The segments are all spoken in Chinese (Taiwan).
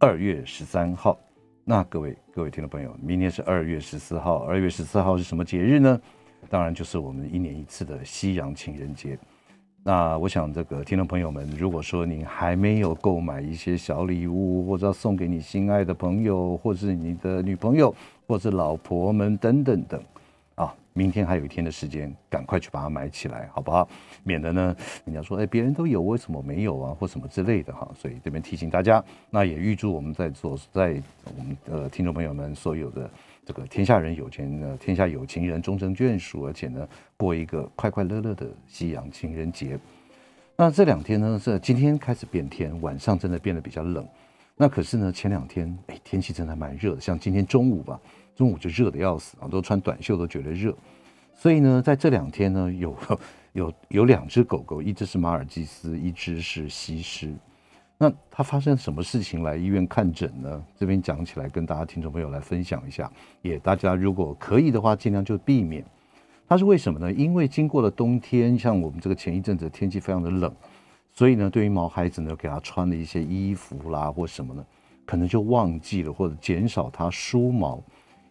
二月十三號，那各位各位聽眾朋友，明天是二月十四號。二月十四號是什麼節日呢？當然就是我們一年一次的西洋情人節。那我想，這個聽眾朋友們，如果說您還沒有購買一些小禮物，或者送給你心愛的朋友，或是你的女朋友，或是老婆們等等等，啊，明天還有一天的時間，趕快去把它買起來，好不好？免得呢，人家說哎，別、欸、人都有，為什麼沒有啊，或什麼之類的哈。所以這邊提醒大家，那也預祝我們在座在我們的、呃、聽眾朋友們，所有的這個天下人有錢呃，天下有情人終成眷屬，而且呢，過一個快快樂樂的西洋情人節。那這兩天呢，是今天開始變天，晚上真的變得比較冷。那可是呢，前兩天哎、欸，天氣真的蠻熱的，像今天中午吧，中午就熱得要死啊，都穿短袖都覺得熱。所以呢，在這兩天呢，有。有有兩隻狗狗，一隻是馬爾濟斯，一隻是西施。那它發生什麼事情來醫院看診呢？這邊講起來跟大家聽眾朋友來分享一下。也大家如果可以的話，盡量就避免。它是為什麼呢？因為經過了冬天，像我們這個前一陣子天氣非常的冷，所以呢，對於毛孩子呢，給他穿了一些衣服啦，或什麼呢，可能就忘記了，或者減少他梳毛。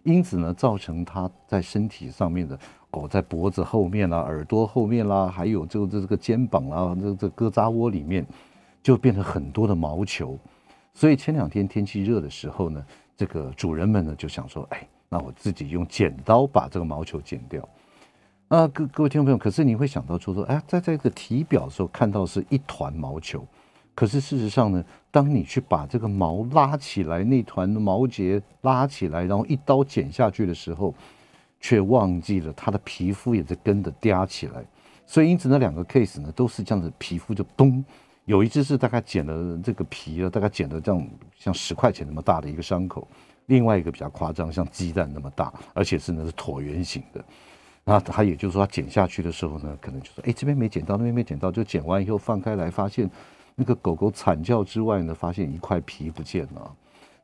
因此呢，造成它在身體上面的，裹、哦、在脖子後面啦、啊、耳朵後面啦、啊，還有這這這個肩膀啊，這這胳肢窩裡面，就變成很多的毛球。所以前兩天天氣熱的時候呢，這個主人們呢就想說，哎，那我自己用剪刀把這個毛球剪掉。啊，各各位聽眾朋友，可是你會想到說說，說，哎，在在這個體表的時候看到是一團毛球。可是事實上呢，當你去把這個毛拉起來，那團毛結拉起來，然後一刀剪下去的時候，卻忘記了它的皮膚也在跟着嗲起來。所以因此，那兩個 case 呢，都是這樣子，皮膚就咚。有一隻是大概剪了這個皮了，大概剪了這樣像十塊錢那麼大的一個傷口；另外一個比較誇張，像雞蛋那麼大，而且是呢是橢圓形的。那他也就是說，他剪下去的時候呢，可能就說、是：“哎，這邊沒剪到，那邊沒剪到。”就剪完以後放開來，發現。那個狗狗慘叫之外呢，發現一塊皮不見了，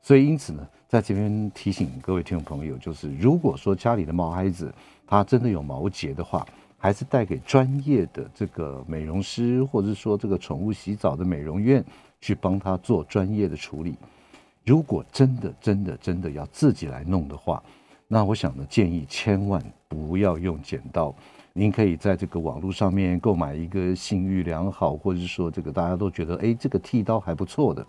所以因此呢，在這邊提醒各位聽眾朋友，就是如果說家裡的毛孩子它真的有毛結的話，還是帶給專業的這個美容師，或者是說這個寵物洗澡的美容院去幫他做專業的處理。如果真的真的真的要自己來弄的話，那我想呢，建議千萬不要用剪刀。您可以在這個網絡上面購買一個信譽良好，或者是說這個大家都覺得哎，這個剃刀還不錯的，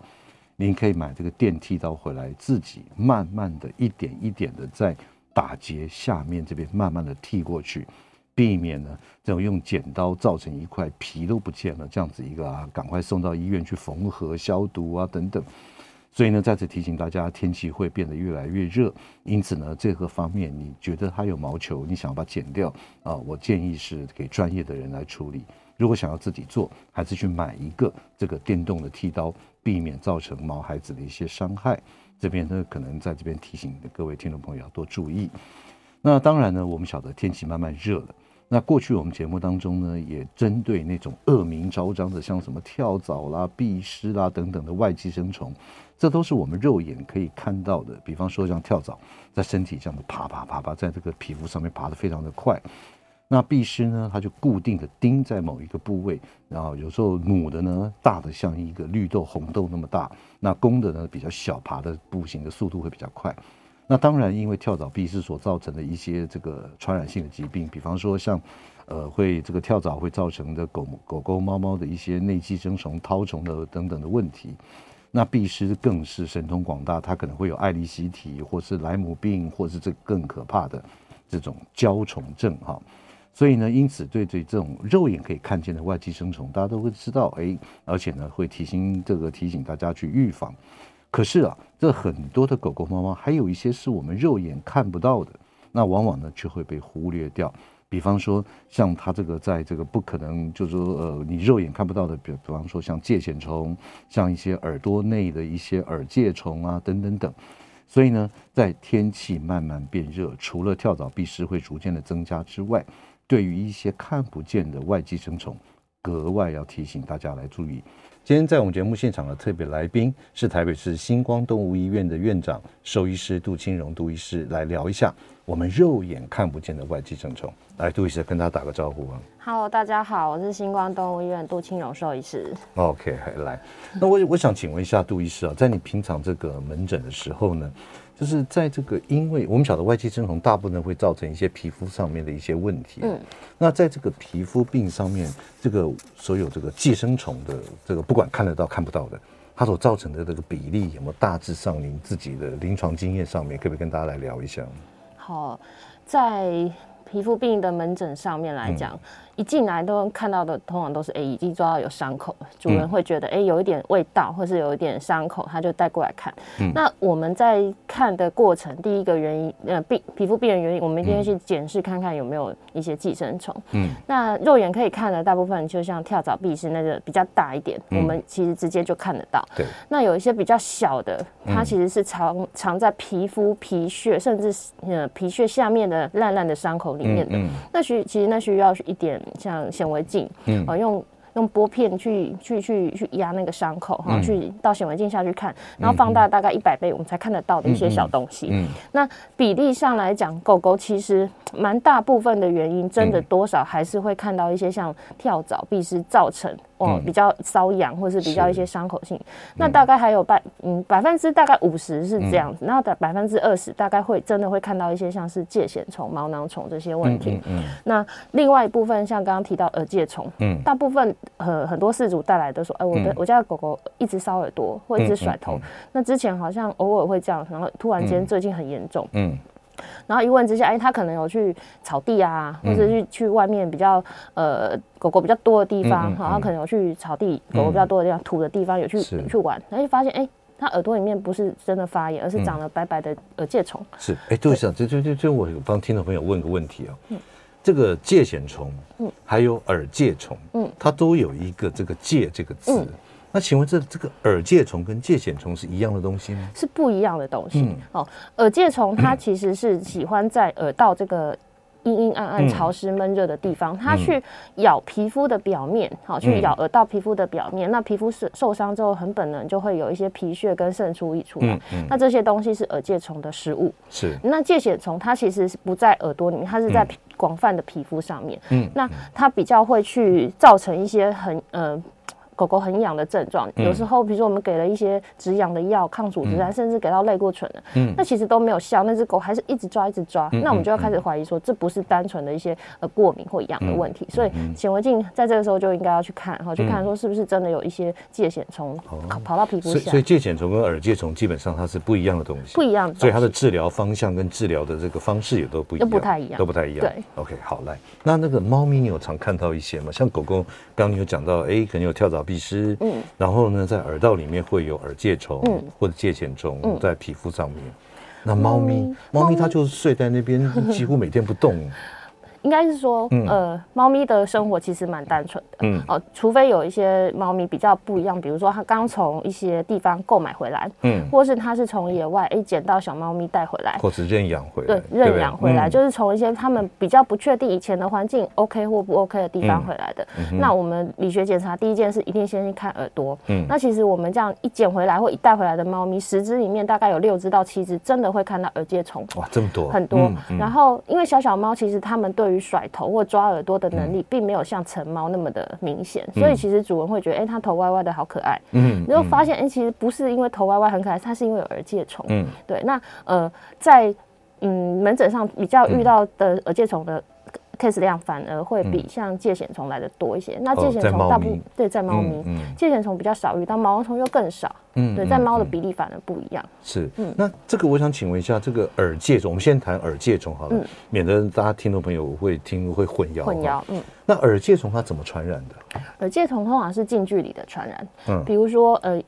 您可以買這個電剃刀回來，自己慢慢的、一點一點的在打結下面這邊慢慢的剃過去，避免呢這種用剪刀造成一塊皮都不見了這樣子一個啊，趕快送到醫院去縫合、消毒啊等等。所以呢，再次提醒大家，天氣會變得越來越熱，因此呢，這個方面你覺得它有毛球，你想要把它剪掉啊，呃，我建議是給專業的人來處理。如果想要自己做，還是去買一個這個電動的剃刀，避免造成毛孩子的一些傷害。這邊呢，可能在這邊提醒各位聽眾朋友要多注意。那當然呢，我們曉得天氣慢慢熱了。那過去我們節目當中呢，也針對那種惡名昭彰的，像什麼跳蚤啦、壁虱啦等等的外寄生蟲，這都是我們肉眼可以看到的。比方說像跳蚤，在身體這樣子爬爬爬爬，在這個皮膚上面爬得非常的快。那壁虱呢，它就固定的釘在某一個部位，然後有時候母的呢，大的像一個綠豆、紅豆那麼大，那公的呢比較小，爬的步行的速度會比較快。那當然，因為跳蚤、壁蝨所造成的一些這個傳染性的疾病，比方說像，呃，會這個跳蚤會造成的狗狗,狗、貓貓的一些內寄生蟲、绦蟲的等等的問題。那壁蝨更是神通廣大，它可能會有艾利希體，或是萊姆病，或是這更可怕的這種焦蟲症哈、哦。所以呢，因此對這這種肉眼可以看見的外寄生蟲，大家都會知道誒。而且呢，會提醒這個提醒大家去預防。可是啊，這很多的狗狗、貓貓，還有一些是我們肉眼看不到的，那往往呢就會被忽略掉。比方說，像它這個在這個不可能，就是說，呃，你肉眼看不到的，比比方說像疥癬蟲，像一些耳朵內的一些耳疥蟲啊，等等等。所以呢，在天氣慢慢變熱，除了跳蚤、壁蝨會逐漸的增加之外，對於一些看不見的外寄生蟲，格外要提醒大家來注意。今天在我們節目現場的特別來賓是台北市星光動物醫院的院長獸醫師杜青蓉，杜醫師來聊一下我們肉眼看不見的外寄生蟲。來，杜醫師跟他打個招呼啊。Hello，大家好，我是星光動物醫院杜青蓉獸醫師。OK，hi, 來，那我我想請問一下杜醫師啊，在你平常這個門診的時候呢，就是在這個，因為我們曉得外寄生蟲大部分會造成一些皮膚上面的一些問題。嗯，那在這個皮膚病上面，這個所有這個寄生蟲的這個不管看得到看不到的，它所造成的這個比例有沒有大致上，您自己的臨床經驗上面，可不可以跟大家來聊一下？好，在皮膚病的門診上面來講。嗯一進來都看到的，通常都是哎、欸，已經抓到有傷口，主人會覺得哎、嗯欸，有一點味道，或是有一點傷口，他就帶過來看、嗯。那我們在看的過程，第一個原因，呃，病皮膚病人原因，我們一定要去檢視看看有沒有一些寄生蟲。嗯，那肉眼可以看的大部分，就像跳蚤、蜱是那個比較大一點、嗯，我們其實直接就看得到。對、嗯，那有一些比較小的，它其實是藏藏、嗯、在皮膚皮屑，甚至呃皮屑下面的爛爛的傷口裡面的。嗯嗯、那需其實那需要一點。像顯微鏡，嗯，哦，用。用玻片去去去去壓那個傷口，哈、嗯，去到顯微鏡下去看，然後放大大概一百倍，我們才看得到的一些小東西。嗯，嗯嗯那比例上來講，狗狗其實蠻大部分的原因，真的多少還是會看到一些像跳蚤、壁蝨造成、嗯，哦，比較瘙癢或者是比較一些傷口性、嗯嗯。那大概還有百，嗯，百分之大概五十是這樣子，嗯、然後百分之二十大概會真的會看到一些像是疥癬蟲、毛囊蟲這些問題。嗯，嗯，嗯那另外一部分像剛剛提到耳疥蟲，嗯，大部分。很、呃、很多飼主帶來的說，哎、欸，我的、嗯、我家的狗狗一直搔耳朵，或一直甩頭。嗯嗯、那之前好像偶爾會這樣，然後突然間最近很嚴重嗯。嗯，然後一問之下，哎、欸，他可能有去草地啊，或者去、嗯、去外面比較呃狗狗比較多的地方，好、嗯，嗯、然後可能有去草地、嗯、狗狗比較多的地方、嗯、土的地方有去有去玩，然後就發現哎、欸，他耳朵裡面不是真的發炎，而是長了白白的耳疥蟲、嗯。是，哎、欸就是，對，想這這這這，我幫聽眾朋友問個問題啊。嗯這個疥癬蟲，嗯，還有耳疥蟲，嗯，它都有一個這個“疥”這個字。嗯、那請問這，這這個耳疥蟲跟疥癬蟲是一樣的東西嗎？是不一樣的東西。嗯、哦，耳疥蟲它其實是喜歡在耳道這個。陰陰暗暗、潮濕悶熱的地方，它、嗯、去咬皮膚的表面，好、嗯、去咬耳道皮膚的表面。嗯、那皮膚受受傷之後，很本能就會有一些皮屑跟滲出溢出、嗯嗯、那這些東西是耳疥蟲的食物。是，那疥癬蟲它其實是不在耳朵裡面，它是在廣、嗯、泛的皮膚上面嗯。嗯，那它比較會去造成一些很呃。狗狗很癢的症狀，有時候，比如說我們給了一些止癢的藥、抗組織胺、嗯，甚至給到類固醇的，嗯，那其實都沒有效，那只狗還是一直抓，一直抓。嗯、那我們就要開始懷疑說，嗯嗯、這不是單純的一些呃過敏或癢的問題。嗯、所以顯微鏡在這個時候就應該要去看，哈、嗯，去看說是不是真的有一些疥癬蟲跑到皮膚下。所以疥癬蟲跟耳疥蟲基本上它是不一樣的東西，不一樣。所以它的治療方向跟治療的這個方式也都不一樣，都不太一樣，都不太一樣。對，OK，好，來，那那個貓咪你有常看到一些嗎？像狗狗，剛剛有講到，哎，可能有跳蚤。鼻屎，然後呢，在耳道裡面會有耳疥蟲，嗯，或者疥癬蟲在皮膚上面，嗯。那貓咪，貓咪它就是睡在那邊，嗯，幾乎每天不動。 應該是說，呃，貓咪的生活其實蠻單純的，嗯，哦、呃，除非有一些貓咪比較不一樣，比如說它剛從一些地方購買回來，嗯，或是它是從野外一撿到小貓咪帶回來，或直接養回來，對，認養回來，對對嗯、就是從一些他們比較不確定以前的環境 OK 或不 OK 的地方回來的。嗯嗯、那我們理學檢查第一件事，一定先去看耳朵。嗯，那其實我們這樣一撿回來或一帶回來的貓咪，十隻裡面大概有六隻到七隻真的會看到耳疥蟲。哇，這麼多、嗯，很多。然後因為小小貓其實他們對於甩頭或抓耳朵的能力，並沒有像成貓那麼的明顯，嗯，所以其實主人會覺得，哎，欸，它頭歪歪的好可愛。嗯，嗯然後發現，哎，欸，其實不是因為頭歪歪很可愛，它是因為有耳疥蟲。嗯，對。那呃，在嗯門診上比較遇到的耳疥蟲的，嗯。case 量反而會比像疥癬蟲來得多一些。嗯、那疥癬蟲大部、對、哦、在貓咪，疥癬蟲比較少遇到，毛毛蟲又更少。嗯，對，嗯、在貓的比例反而不一樣。是、嗯，那這個我想請問一下，這個耳疥蟲，我們先談耳疥蟲好了、嗯，免得大家聽眾朋友會聽會混淆。混淆，哦、嗯。那耳疥蟲它怎麼傳染的？耳疥蟲通常是近距離的傳染，嗯，比如說呃。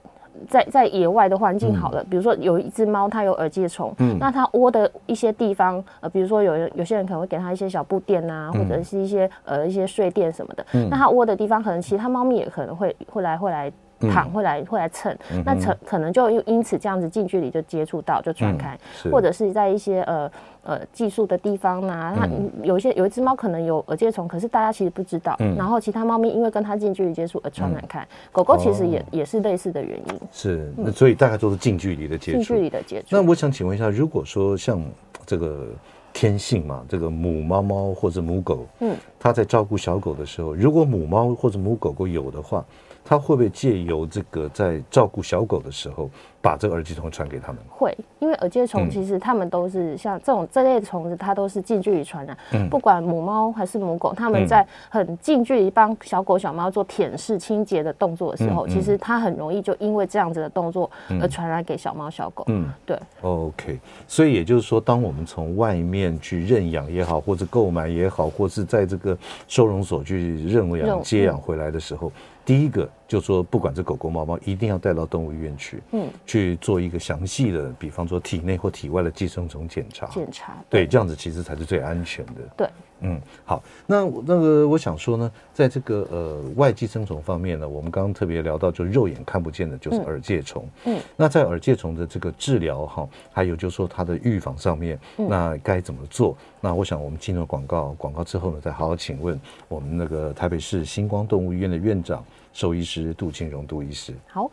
在在野外的環境好了、嗯，比如說有一隻貓，它有耳疥蟲、嗯，那它窩的一些地方，呃，比如說有有些人可能會給它一些小布墊啊、嗯，或者是一些呃一些睡墊什麼的，嗯、那它窩的地方可能其他貓咪也可能會會來會來躺，嗯、會來會來蹭，嗯、那可能就就因此這樣子近距離就接觸到就傳開、嗯，或者是在一些呃。呃，寄宿的地方吶、啊，它有,有一些有一只貓可能有耳疥蟲、嗯，可是大家其實不知道。嗯、然後其他貓咪因為跟它近距離接觸而傳染開、嗯、狗狗其實也、哦、也是類似的原因。是，嗯、那所以大家都是近距離的接觸。近距離的接觸。那我想請問一下，如果說像這個天性嘛，這個母貓貓或者母狗，嗯，它在照顧小狗的時候，如果母貓或者母狗狗有的話，它會不會借由這個在照顧小狗的時候？把這個耳疥蟲傳給他們，會，因為耳疥蟲其實他們都是像這種、嗯、這類蟲子，它都是近距離傳染、啊嗯。不管母貓還是母狗，它們在很近距離幫小狗小貓做舔舐清潔的動作的時候、嗯嗯，其實它很容易就因為這樣子的動作而傳染給小貓小狗。嗯，對。嗯、OK，所以也就是說，當我們從外面去認養也好，或者購買也好，或是在這個收容所去認養認接養回來的時候，嗯、第一個。就說不管這狗狗、貓貓，一定要帶到動物醫院去，嗯，去做一個詳細的，比方說體內或體外的寄生蟲檢查，檢查，對，對這樣子其實才是最安全的，對，嗯，好，那那個我想說呢，在這個呃外寄生蟲方面呢，我們剛剛特別聊到，就肉眼看不見的就是耳疥蟲，嗯，嗯，那在耳疥蟲的這個治療哈，還有就是說它的預防上面，嗯，那該怎麼做？那我想我們進入廣告廣告之後呢，再好好請問我們那個台北市星光動物醫院的院長。獸醫師杜青蓉，杜醫師，好，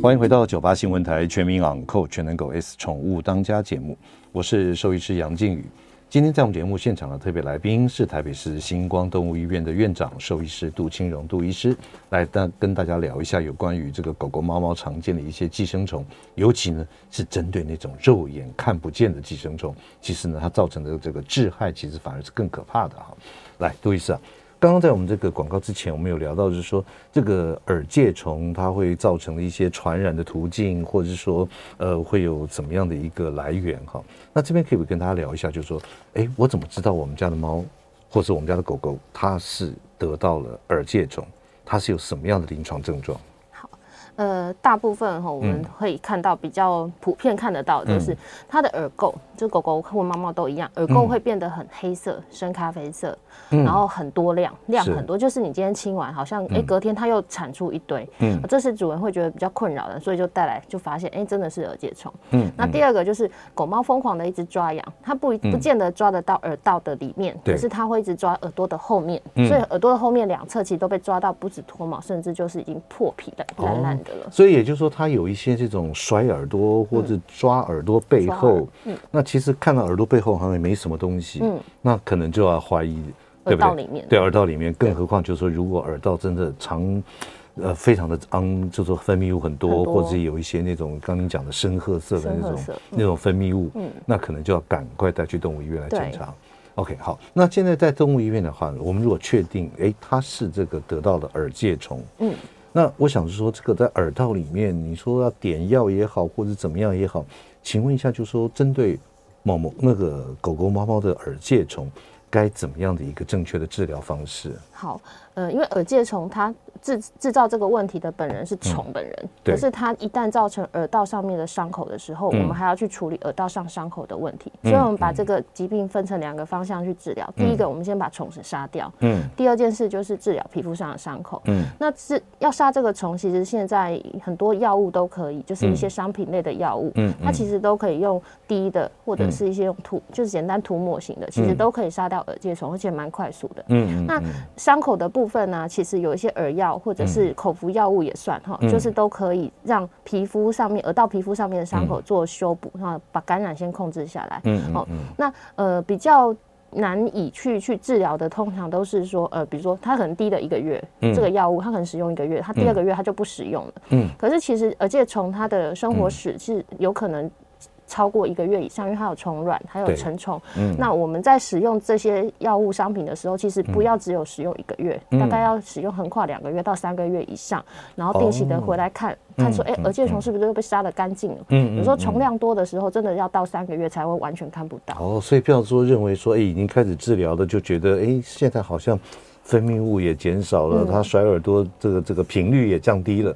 歡迎回到九八新聞台《全民養狗全能狗 S 寵物當家》節目，我是獸醫師楊靜宇。今天在我們節目現場的特別來賓是台北市星光動物醫院的院長獸醫師杜青蓉，杜醫師來跟跟大家聊一下有關於這個狗狗、貓貓常見的一些寄生蟲，尤其呢是針對那種肉眼看不見的寄生蟲，其實呢它造成的這個致害，其實反而是更可怕的哈。來，杜醫師啊。剛剛在我們這個廣告之前，我們有聊到，就是說這個耳疥蟲它會造成的一些傳染的途徑，或者是說，呃，會有怎麼樣的一個來源哈？那這邊可以不可以跟大家聊一下，就是說，哎，我怎麼知道我們家的貓，或是我們家的狗狗，它是得到了耳疥蟲？它是有什麼樣的臨床症狀？呃，大部分哈，我們會看到、嗯、比較普遍看得到，就是它、嗯、的耳垢，這狗狗和貓貓都一樣，耳垢會變得很黑色、嗯、深咖啡色、嗯，然後很多量，量很多，是就是你今天清完，好像哎、欸，隔天它又產出一堆，嗯、啊，這是主人會覺得比較困擾的，所以就帶來就發現，哎、欸，真的是耳疥蟲。嗯，那第二個就是狗貓瘋狂的一直抓癢，它不、嗯、不見得抓得到耳道的裡面，可是它會一直抓耳朵的後面，嗯、所以耳朵的後面兩側其實都被抓到，不止脫毛，甚至就是已經破皮了、哦、的爛爛。所以也就是說，它有一些這種甩耳朵或者抓耳朵背後、嗯嗯，那其實看到耳朵背後好像也沒什麼東西，嗯、那可能就要懷疑、嗯，對不對？耳對耳道裡面，更何況就是說，如果耳道真的長，嗯、呃，非常的髒、嗯，就是說分泌物很多，很多，或者有一些那種剛，剛你講的深褐色的那種、嗯、那種分泌物，嗯，那可能就要趕快帶去動物醫院來檢查。OK，好，那現在在動物醫院的話，我們如果確定，哎，它是這個得到了的耳疥蟲，嗯。那我想說，這個在耳道裡面，你說要點藥也好，或者怎麼樣也好，請問一下，就是說針對某某那個狗狗、貓貓的耳疥蟲。該怎麼樣的一個正確的治療方式？好，呃，因為耳疥蟲它制製造這個問題的本人是蟲本人，嗯對，可是它一旦造成耳道上面的傷口的時候，嗯、我們還要去處理耳道上傷口的問題，嗯，所以我們把這個疾病分成兩個方向去治療。嗯、第一個，我們先把蟲子殺掉。嗯。第二件事就是治療皮膚上的傷口。嗯。那是要殺這個蟲，其實現在很多藥物都可以，就是一些商品類的藥物，嗯，嗯嗯，它其實都可以用滴的，或者是一些用塗、嗯，就是簡單塗抹型的，其實都可以殺掉。耳疥蟲，而且蠻快速的。嗯，嗯那傷口的部分呢、啊，其實有一些耳藥或者是口服藥物也算哈、嗯哦，就是都可以讓皮膚上面，耳道皮膚上面的傷口做修補，然後，嗯、把感染先控制下來。嗯，好、嗯哦，那呃比較難以去去治療的，通常都是說呃，比如說它很低的一個月，嗯、這個藥物它可能使用一個，一個月，它第二個月它就不使用了。嗯，可是其實耳疥蟲它的生活史是有可能。超過一個月以上，因為它有蟲卵，還有成蟲、嗯。那我們在使用這些藥物商品的時候，其實不要只有使用一個月，嗯嗯、大概要使用橫跨兩個月到三個月以上，然後定期的回來看、哦看，嗯、看說，誒、欸，耳疥蟲是不是都被殺得乾淨了、嗯嗯嗯嗯？有時候蟲量多的時候，真的要到三個月才會完全看不到。哦，所以不要說認為說，欸、已經開始治療了，就覺得，誒、欸，現在好像分泌物也減少了、嗯，它甩耳朵這個這個頻率也降低了。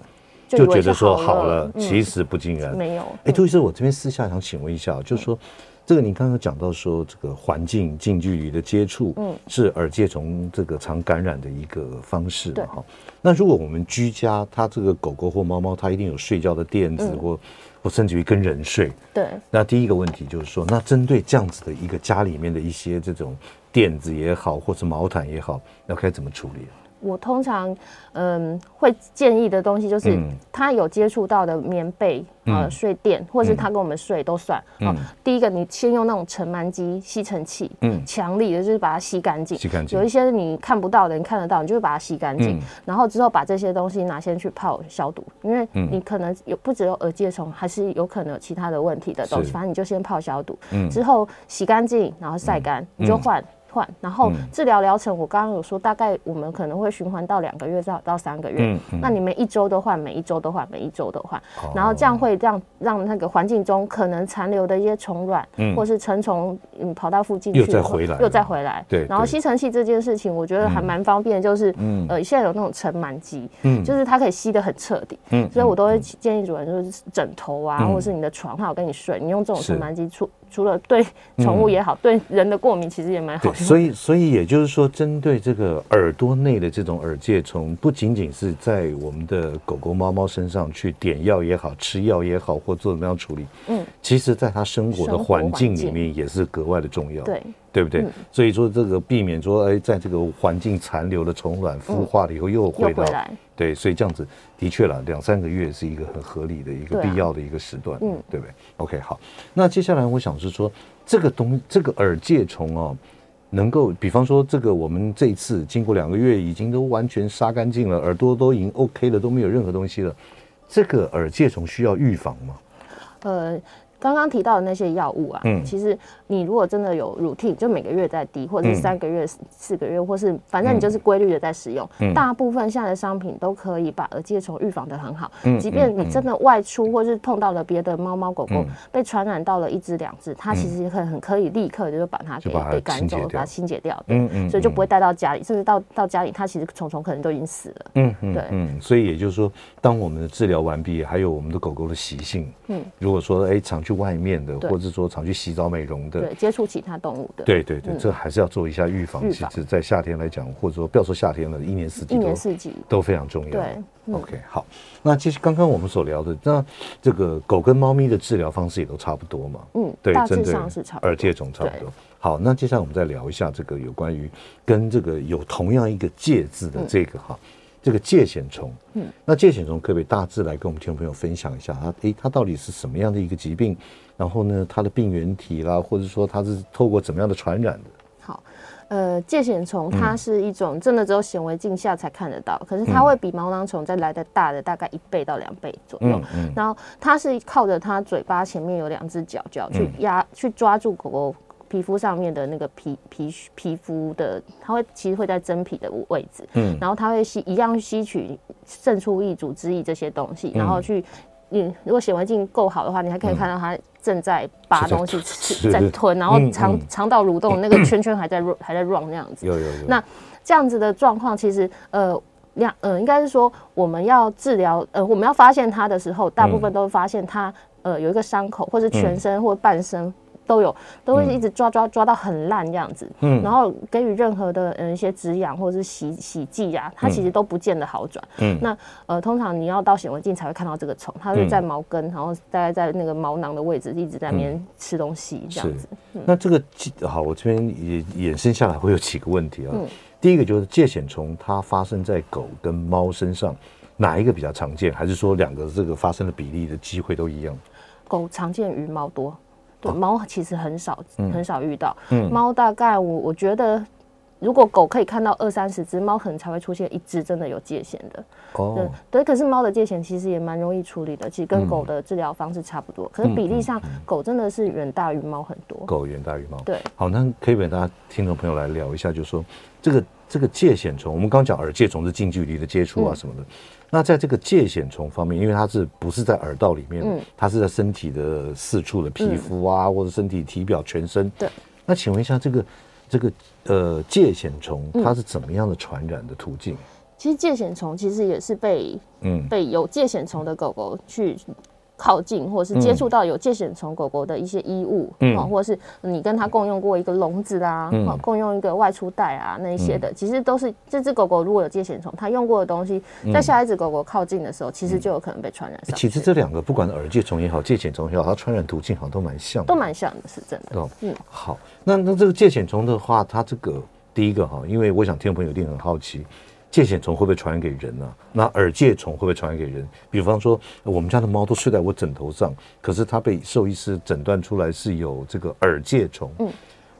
就，就覺得說好了，嗯、其實不盡然。嗯。沒有，哎、嗯欸，杜醫師，我這邊私下想請問一下，嗯、就是說，這個你剛剛講到說，這個環境近距離的接觸，嗯，是耳疥蟲這個常感染的一個方式哈、嗯，那如果我們居家，它這個狗狗或貓貓，它一定有睡覺的墊子，嗯、或或甚至於跟人睡。對、嗯。那第一個問題就是說，那針對這樣子的一個家裡面的一些這種墊子也好，或是毛毯也好，那該怎麼處理？我通常，嗯、呃，會建議的東西就是，他、嗯、有接觸到的棉被睡墊、呃嗯，或者是他跟我們睡都算。啊、嗯哦，第一個，你先用那種塵蟎機、吸塵器，嗯，強力的就是把它吸乾淨。有一些你看不到的，你看得到，你就把它吸乾淨。然後之後把這些東西拿先去泡消毒，嗯、因為你可能有不只有耳疥蟲，還是有可能有其他的問題的東西。反正你就先泡消毒，嗯、之後洗乾淨，然後曬乾、嗯、就換。嗯嗯換，然後治療療程，我剛剛有說，大概我們可能會循環到兩個月到到三個月。嗯嗯、那你每一周都換，每一周都換，每一周都換。哦、然後這樣會讓讓那個環境中可能殘留的一些蟲卵，嗯、或是成蟲，嗯，跑到附近去又再，又再回來，又再回來。然後吸塵器這件事情，我覺得還蠻方便，嗯、就是呃，呃、嗯，現在有那種塵蟎機、嗯，就是它可以吸得很徹底、嗯。所以我都會建議主人就是枕頭啊，嗯、或者是你的床，哈，跟你睡，你用這種塵蟎機處。除了對寵物也好、嗯，對人的過敏其實也蠻好的。對，所以所以也就是說，針對這個耳朵內的這種耳疥蟲，不僅僅是在我們的狗狗、貓貓身上去點藥也好，吃藥也好，或做怎麼樣處理，嗯，其實在它生活的環境裡面也是格外的重要。對。對不對、嗯？所以說這個避免說，哎，在這個環境殘留的蟲卵孵化了以後又回到、嗯、又回對，所以這樣子的確了，兩三個月是一個很合理的一個必要的一個時段，嗯，嗯對不對？OK，好，那接下來我想是說這個東這個耳疥蟲啊、哦，能夠比方說這個我們這一次經過兩個月已經都完全殺乾淨了，耳朵都已經 OK 了，都沒有任何東西了，這個耳疥蟲需要預防嗎？呃。剛剛提到的那些藥物啊，嗯，其實你如果真的有 routine，就每個月在滴，或者是三個月、嗯、四個月，或是反正你就是規律的在使用，嗯、大部分現在的商品都可以把耳疥蟲預防得很好、嗯，即便你真的外出、嗯、或是碰到了別的貓貓狗狗，嗯、被傳染到了一隻兩隻，它、嗯、其實很很可以立刻就把它就把給趕走，把它清潔掉，嗯嗯，所以就不會帶到家裡，甚至到到家裡，它其實蟲蟲可能都已經死了，嗯嗯，對嗯，嗯，所以也就是說。當我們的治療完畢，還有我們的狗狗的習性，嗯，如果說哎、欸、常去外面的，或者說常去洗澡美容的，對，接觸其他動物的，對對對，嗯、這還是要做一下預防。其實，在夏天來講，或者說不要說夏天了，一年四季，一年四季都非常重要。對、嗯，OK，好。那其實剛剛我們所聊的，那這個狗跟貓咪的治療方式也都差不多嘛，嗯，對，大致上是差不多，耳疥蟲差不多。好，那接下來我們再聊一下這個有關於跟這個有同樣一個「疥」字的這個哈。嗯嗯這個疥癬蟲，嗯，那疥癬蟲，可不可以大致來跟我們聽眾朋友分享一下？它，誒，它到底是什麼樣的一個疾病？然後呢，它的病原體啦，或者說它是透過怎麼樣的傳染的？好，呃，疥癬蟲它是一種真的只有顯微鏡下才看得到，嗯、可是它會比毛囊蟲再來得大的大概一倍到兩倍左右。嗯，嗯然後它是靠着它嘴巴前面有兩隻腳腳去壓、嗯、去抓住狗狗。皮膚上面的那個皮皮皮膚的，它會其實會在真皮的位置，嗯，然後它會吸一樣吸取滲出液、組織液這些東西、嗯，然後去如果顯微鏡夠好的話，你還可以看到它正在拔東西，在吞，然後腸、嗯、腸道蠕動那個圈圈還在、嗯、還在 run 那、嗯、樣子。有有有。那這樣子的狀況，其實呃兩、呃、嗯應該是說我們要治療呃我們要發現它的時候，大部分都發現它呃有一個傷口，或是全身或半身、嗯。嗯都有都會一直抓抓抓到很爛這樣子，嗯，然後給予任何的嗯、呃、一些止癢或者是洗洗劑啊，它其實都不見得好轉，嗯，嗯那呃通常你要到顯微鏡才會看到這個蟲，它會在毛根，嗯、然後大概在那個毛囊的位置一直在裡面吃東西、嗯、這樣子，嗯、那這個好，我這邊也衍生下來會有幾個問題啊，嗯，第一個就是疥癬蟲它發生在狗跟貓身上哪一個比較常見，還是說兩個這個發生的比例的機會都一樣？狗常見於貓多。貓、哦、其實很少、嗯，很少遇到。貓、嗯、大概我我覺得，如果狗可以看到二三十隻，貓可能才會出現一隻，真的有疥癬的。哦，對，對可是貓的疥癬其實也蠻容易處理的，其實跟狗的治療方式差不多、嗯。可是比例上，嗯、狗真的是遠大於貓很多。嗯嗯嗯、狗遠大於貓。對，好，那可以給大家聽眾朋友來聊一下，就是說這個這個疥癬蟲，我們剛講耳疥蟲是近距離的接觸啊什麼的。嗯那在這個疥癬蟲方面，因為它是不是在耳道裡面？嗯、它是在身體的四處的皮膚啊，嗯、或者身體體表全身。對、嗯。那請問一下、這個，這個這個呃疥蘚蟲它是怎麼樣的傳染的途徑？嗯、其實疥癬蟲其實也是被嗯被有疥癬蟲的狗狗去。嗯靠近或者是接觸到有疥癬蟲狗狗的一些衣物，嗯啊、或者是你跟它共用過一個籠子啊、嗯、啊，共用一個外出袋啊，那一些的，嗯、其實都是這隻狗狗如果有疥癬蟲，它、嗯、用過的東西，在下一隻狗狗靠近的時候，嗯、其實就有可能被傳染上、欸。其實這兩個不管耳疥蟲也好，疥癬蟲也好，它傳染途徑好像都蠻像，都蠻像的，像的是真的、哦。嗯，好，那那這個疥癬蟲的話，它這個第一個哈，因為我想聽眾朋友一定很好奇。疥癬蟲會不會傳染給人呢、啊？那耳疥蟲會不會傳染給人？比方說，我們家的貓都睡在我枕頭上，可是它被獸醫師診斷出來是有這個耳疥蟲。嗯，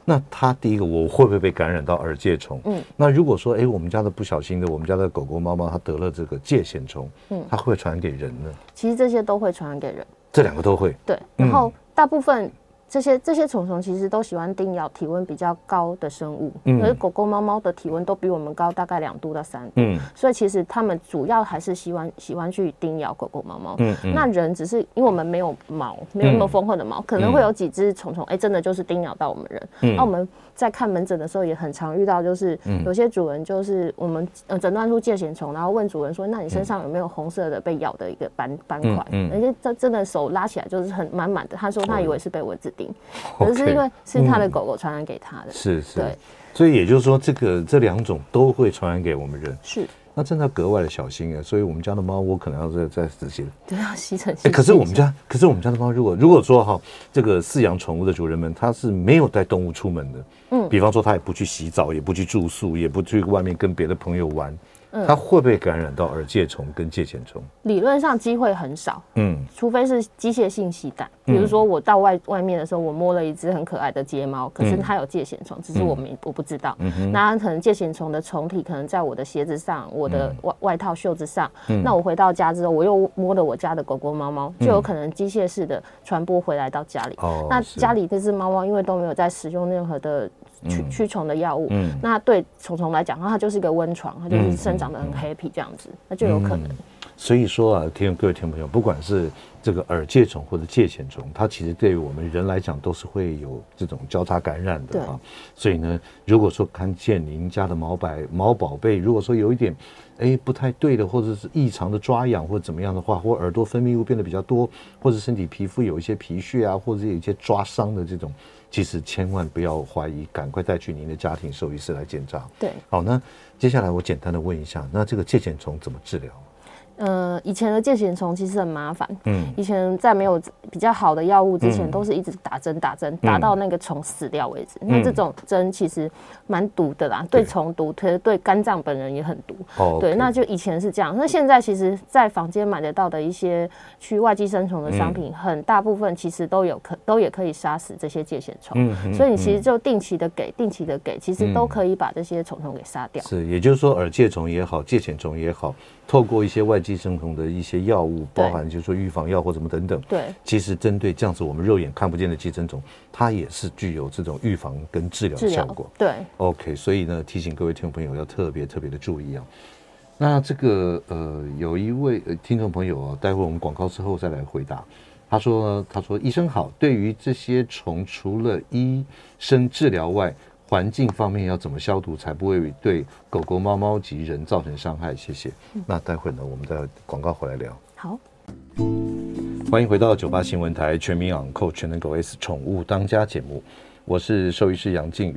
那它第一個，我會不會被感染到耳疥蟲？嗯，那如果說，哎、欸，我們家的不小心的，我們家的狗狗、貓貓，它得了這個疥癬蟲，嗯，它會不會傳染給人呢、嗯？其實這些都會傳染給人。這兩個都會。對，然後大部分、嗯。嗯這些這些蟲蟲其實都喜歡叮咬體溫比較高的生物，嗯，可是狗狗貓貓的體溫都比我們高大概兩度到三度，嗯，所以其實它們主要還是喜歡喜歡去叮咬狗狗貓貓，嗯，嗯，那人只是因為我們沒有毛，沒有那麼豐厚的毛，嗯，可能會有幾隻蟲蟲，哎，欸，真的就是叮咬到我們人，嗯，那、啊、我們。在看門診的時候，也很常遇到，就是有些主人就是我們診斷出疥癬蟲，然後問主人說：“那你身上有沒有紅色的被咬的一個斑斑塊？而且真真的手拉起來就是很滿滿的。”他說他以為是被蚊子叮，可是，是因為是他的狗狗傳染給他的、嗯。是是，對，所以也就是說、這個，這個這兩種都會傳染給我們人。是。那真的要格外的小心啊、欸，所以我們家的貓窩可能要再再仔細。對啊，吸塵器吸、欸。可是我們家，可是我們家的貓，如果如果說哈，這個飼養寵物的主人們，他是沒有帶動物出門的，嗯，比方說他也不去洗澡，也不去住宿，也不去外面跟別的朋友玩。它會不會感染到耳疥蟲跟疥癬蟲？理論上機會很少，嗯，除非是機械性攜帶。比如說我到外外面的時候，我摸了一隻很可愛的街貓、嗯，可是它有疥癬蟲，只是我們、嗯、我不知道。嗯、那可能疥癬蟲的蟲體可能在我的鞋子上、嗯、我的外外套袖子上、嗯。那我回到家之後，我又摸了我家的狗狗、貓貓、嗯，就有可能機械式的傳播回來到家裡。哦、那家裡這隻貓貓因為都沒有在使用任何的，驅驅蟲的藥物、嗯嗯，那對蟲蟲來講，它就是一個溫床，它就是生長得很黑皮。這樣子、嗯，那就有可能。嗯、所以說啊，聽各位聽眾朋友，不管是這個耳疥蟲或者疥癬蟲，它其實對於我們人來講都是會有這種交叉感染的啊。所以呢，如果說看見您家的毛白毛寶貝，如果說有一點哎、欸、不太對的，或者是異常的抓癢，或者怎麼樣的話，或耳朵分泌物變得比較多，或者身體皮膚有一些皮屑啊，或者有一些抓傷的這種。其實千萬不要懷疑，趕快帶去您的家庭獸醫師來檢查。對，好，那接下來我簡單的問一下，那這個疥蟎蟲怎麼治療？嗯、呃，以前的疥癬蟲其實很麻煩。嗯，以前在沒有比較好的藥物之前，都是一直打針打針，嗯，打到那個蟲死掉為止，嗯。那這種針其實蠻毒的啦，嗯，對蟲毒，對對，對肝臟本人也很毒。哦，對，okay, 那就以前是這樣。那現在其實，在房間買得到的一些驅外寄生蟲的商品，很大部分其實都有可，嗯，都也可以殺死這些疥癬蟲。所以你其實就定期的給，嗯，定期的給，其實都可以把這些蟲蟲給殺掉。是，也就是說，耳疥蟲也好，疥蘚蟲也好。透過一些外寄生蟲的一些藥物，包含就是說預防藥或什麼等等，對，其實針對這樣子我們肉眼看不見的寄生蟲，它也是具有這種預防跟治療的效果。對，OK，所以呢，提醒各位聽眾朋友要特別特別的注意啊。那這個呃，有一位，呃，聽眾朋友啊，待會我們廣告之後再來回答。他說：“他說醫生好，對於這些蟲，除了醫生治療外。”環境方面要怎麼消毒才不會對狗狗、貓貓及人造成傷害？謝謝、嗯。那待會呢，我們再廣告回來聊。好，歡迎回到九八新聞台全民養寵全能狗 S 寵物當家節目，我是獸醫師楊靜宇。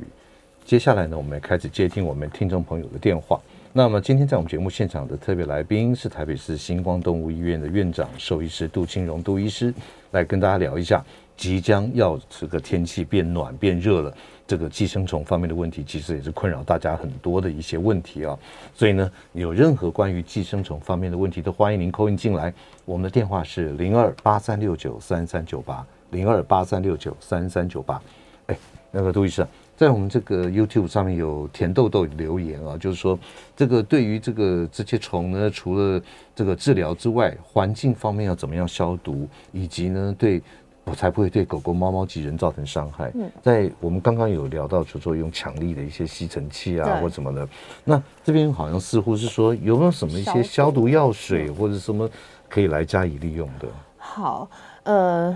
接下來呢，我們開始接聽我們聽眾朋友的電話。那麼今天在我們節目現場的特別來賓是台北市星光動物醫院的院長獸醫師杜青蓉，杜醫師來跟大家聊一下，即將要這個天氣變暖變熱了。這個寄生蟲方面的問題，其實也是困擾大家很多的一些問題啊。所以呢，有任何關於寄生蟲方面的問題，都歡迎您 call in 進來。我們的電話是零二八三六九三三九八零二八三六九三三九八。哎，那個杜醫生，在我們這個 YouTube 上面有甜豆豆留言啊，就是說這個對於這個這些蟲呢，除了這個治療之外，環境方面要怎麼樣消毒，以及呢對。我才不會對狗狗、貓貓及人造成傷害。嗯，在我們剛剛有聊到，就是說用強力的一些吸塵器啊，或什麼的。那這邊好像似乎是說，有沒有什麼一些消毒藥水或者什麼可以來加以利用的？好，呃，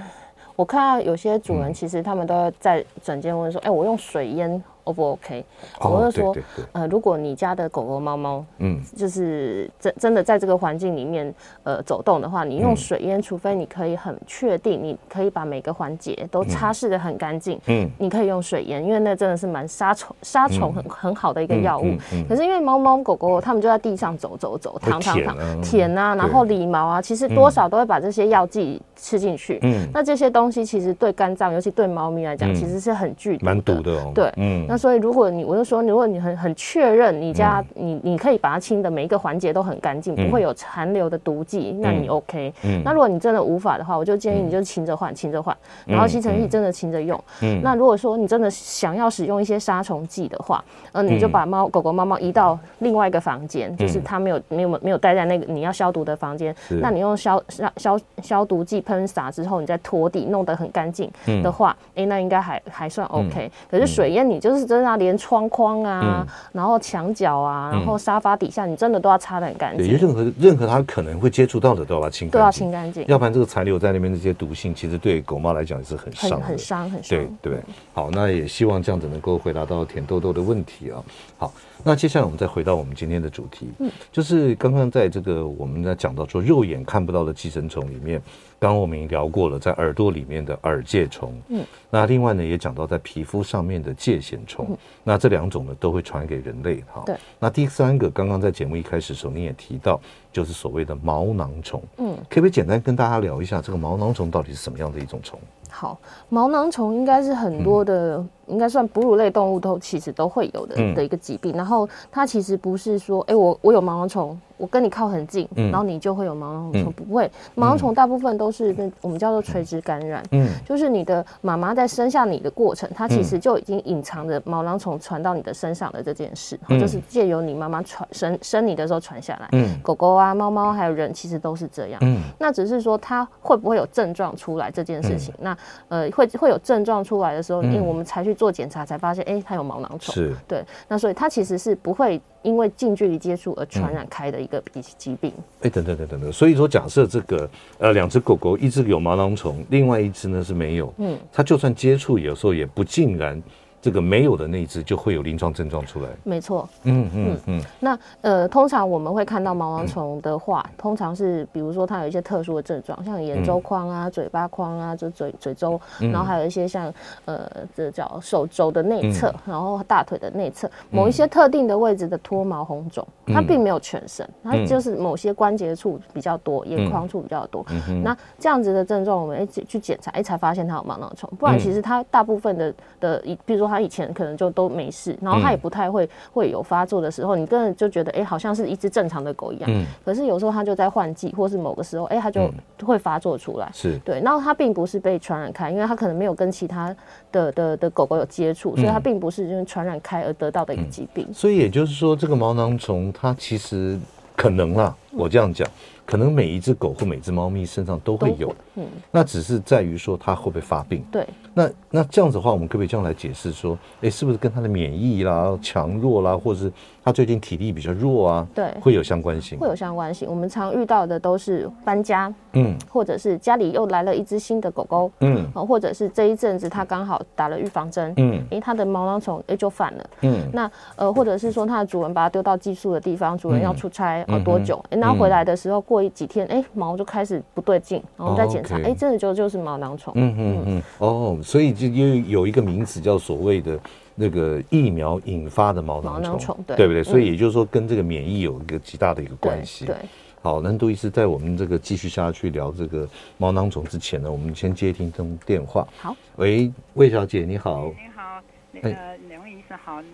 我看到有些主人其實他們都在診間問說：“哎、欸，我用水煙。” O、oh, 不 OK？我、oh, 就說對對對，呃，如果你家的狗狗、貓貓，嗯，就是真真的在這個環境裡面、嗯，呃，走動的話，你用水煙、嗯、除非你可以很確定，你可以把每個環節都擦拭的很乾淨，嗯，你可以用水煙，因為那真的是蠻殺蟲、殺蟲很、嗯、很好的一個藥物、嗯嗯嗯嗯。可是因為貓貓、狗狗，它們就在地上走走走，躺、啊、躺，舔啊，然後理毛啊，其實多少都會把這些藥劑吃進去。嗯，嗯那這些東西其實對肝臟，尤其對貓咪來講，其實是很劇毒的。蠻毒的哦、對，嗯。那所以如果你我就說，如果你很很確認你家、嗯、你你可以把它清的每一個環節都很乾淨，不會有殘留的毒劑，那你 OK、嗯嗯。那如果你真的無法的話，我就建議你就勤着換，勤着換，然後吸塵器真的勤着用、嗯嗯。那如果說你真的想要使用一些殺蟲劑的話嗯，嗯，你就把貓狗狗貓貓移到另外一個房間，就是它沒有沒有沒有待在那個你要消毒的房間。那你用消消消、消毒劑噴灑之後，你再拖地弄得很乾淨的話，嗯欸、那應該還還算 OK。嗯、可是水煙你就是。是真的，啊，連窗框啊、嗯，然後牆角啊，然後沙發底下，嗯，你真的都要擦得很乾淨。任何任何它可能會接觸到的都要把它清乾淨。都要清乾淨。要不然這個殘留在裡面的這些毒性，其實對狗貓來講也是很傷很、很傷、很傷。對對。好，那也希望這樣子能夠回答到甜豆豆的問題啊。好。那接下來我們再回到我們今天的主題，嗯，就是剛剛在這個我們在講到說肉眼看不到的寄生蟲裡面，剛剛我們已經聊過了在耳朵裡面的耳疥蟲，嗯，那另外呢也講到在皮膚上面的疥癬蟲，嗯，那這兩種呢都會傳給人類哈，對。那第三個，剛剛在節目一開始的時候您也提到，就是所謂的毛囊蟲，嗯，可不可以簡單跟大家聊一下這個毛囊蟲到底是什麼樣的一種蟲？好，毛囊蟲應該是很多的，嗯。應該算哺乳類動物都其實都會有的的一個疾病，嗯。然後它其實不是說，哎，欸，我我有毛囊蟲。我跟你靠很近，嗯，然後你就會有毛囊蟲，嗯，不會。毛囊蟲大部分都是那我們叫做垂直感染，嗯、就是你的媽媽在生下你的過程，它、嗯、其實就已經隱藏着毛囊蟲傳到你的身上的這件事，嗯、就是借由你媽媽傳生生你的時候傳下來、嗯。狗狗啊、貓貓還有人其實都是這樣，嗯、那只是說它會不會有症狀出來這件事情。嗯、那呃會會有症狀出來的時候、嗯，因為我們才去做檢查才發現，誒、欸，它有毛囊蟲。是。對。那所以它其實是不會。因為近距離接觸而傳染開的一個疾疾病。哎、嗯，等、欸、等等等等，所以說假設這個，呃，兩只狗狗，一只有毛囊蟲，另外一只呢是沒有，嗯，它就算接觸，有時候也不盡然。這個沒有的那一隻就會有臨床症狀出來，沒錯，嗯哼哼，嗯嗯嗯。那呃，通常我們會看到毛囊蟲的話，嗯、通常是比如說它有一些特殊的症狀，像眼周框啊、嗯、嘴巴框啊，這嘴嘴周、嗯，然後還有一些像呃，這叫手肘的內側，嗯、然後大腿的內側、嗯，某一些特定的位置的脫毛紅腫、嗯，它並沒有全身，它就是某些關節處比較多，嗯、眼眶處比較多。嗯嗯、那這樣子的症狀，我們一起去檢查，一才發現它有毛囊蟲，不然其實它大部分的、嗯、的一，比如說。它以前可能就都沒事，然後它也不太會、嗯、會有發作的時候，你根本就覺得哎、欸，好像是一隻正常的狗一樣、嗯。可是有時候它就在換季或是某個時候，哎、欸，它就會發作出來。是、嗯。對，然後它並不是被傳染開，因為它可能沒有跟其他的的的，的狗狗有接觸，所以它並不是因為傳染開而得到的一個疾病、嗯。所以也就是說，這個毛囊蟲它其實可能啦、啊。我這樣講，可能每一隻狗或每只貓咪身上都會有，嗯，那只是在於說它會不會發病，對。那那這樣子的話，我們可不可以這樣來解釋說，哎、欸，是不是跟它的免疫啦、強弱啦，或者是它最近體力比較弱啊，對，會有相關性，會有相關性。我們常遇到的都是搬家，嗯，或者是家裡又來了一隻新的狗狗，嗯，呃、或者是這一陣子它剛好打了預防針，嗯，哎、欸，它的毛囊蟲哎就反了，嗯，那呃，或者是說它的主人把它丟到寄宿的地方，主人要出差要、嗯呃、多久？嗯欸然後回來的時候過一幾天，嗯、哎，毛就開始不對勁，我們再檢查，哦 okay、哎，真的就就是毛囊蟲。嗯嗯嗯，嗯，哦，所以就因為有一個名字叫所謂的那個疫苗引發的毛囊蟲，毛囊蟲對不對，對？所以也就是說跟這個免疫有一個極大的一個關係。嗯、對對好，那杜醫師在我們這個繼續下去聊這個毛囊蟲之前呢，我們先接聽通電話。好，喂，魏小姐你好。你好。那、欸、個兩位醫生好，那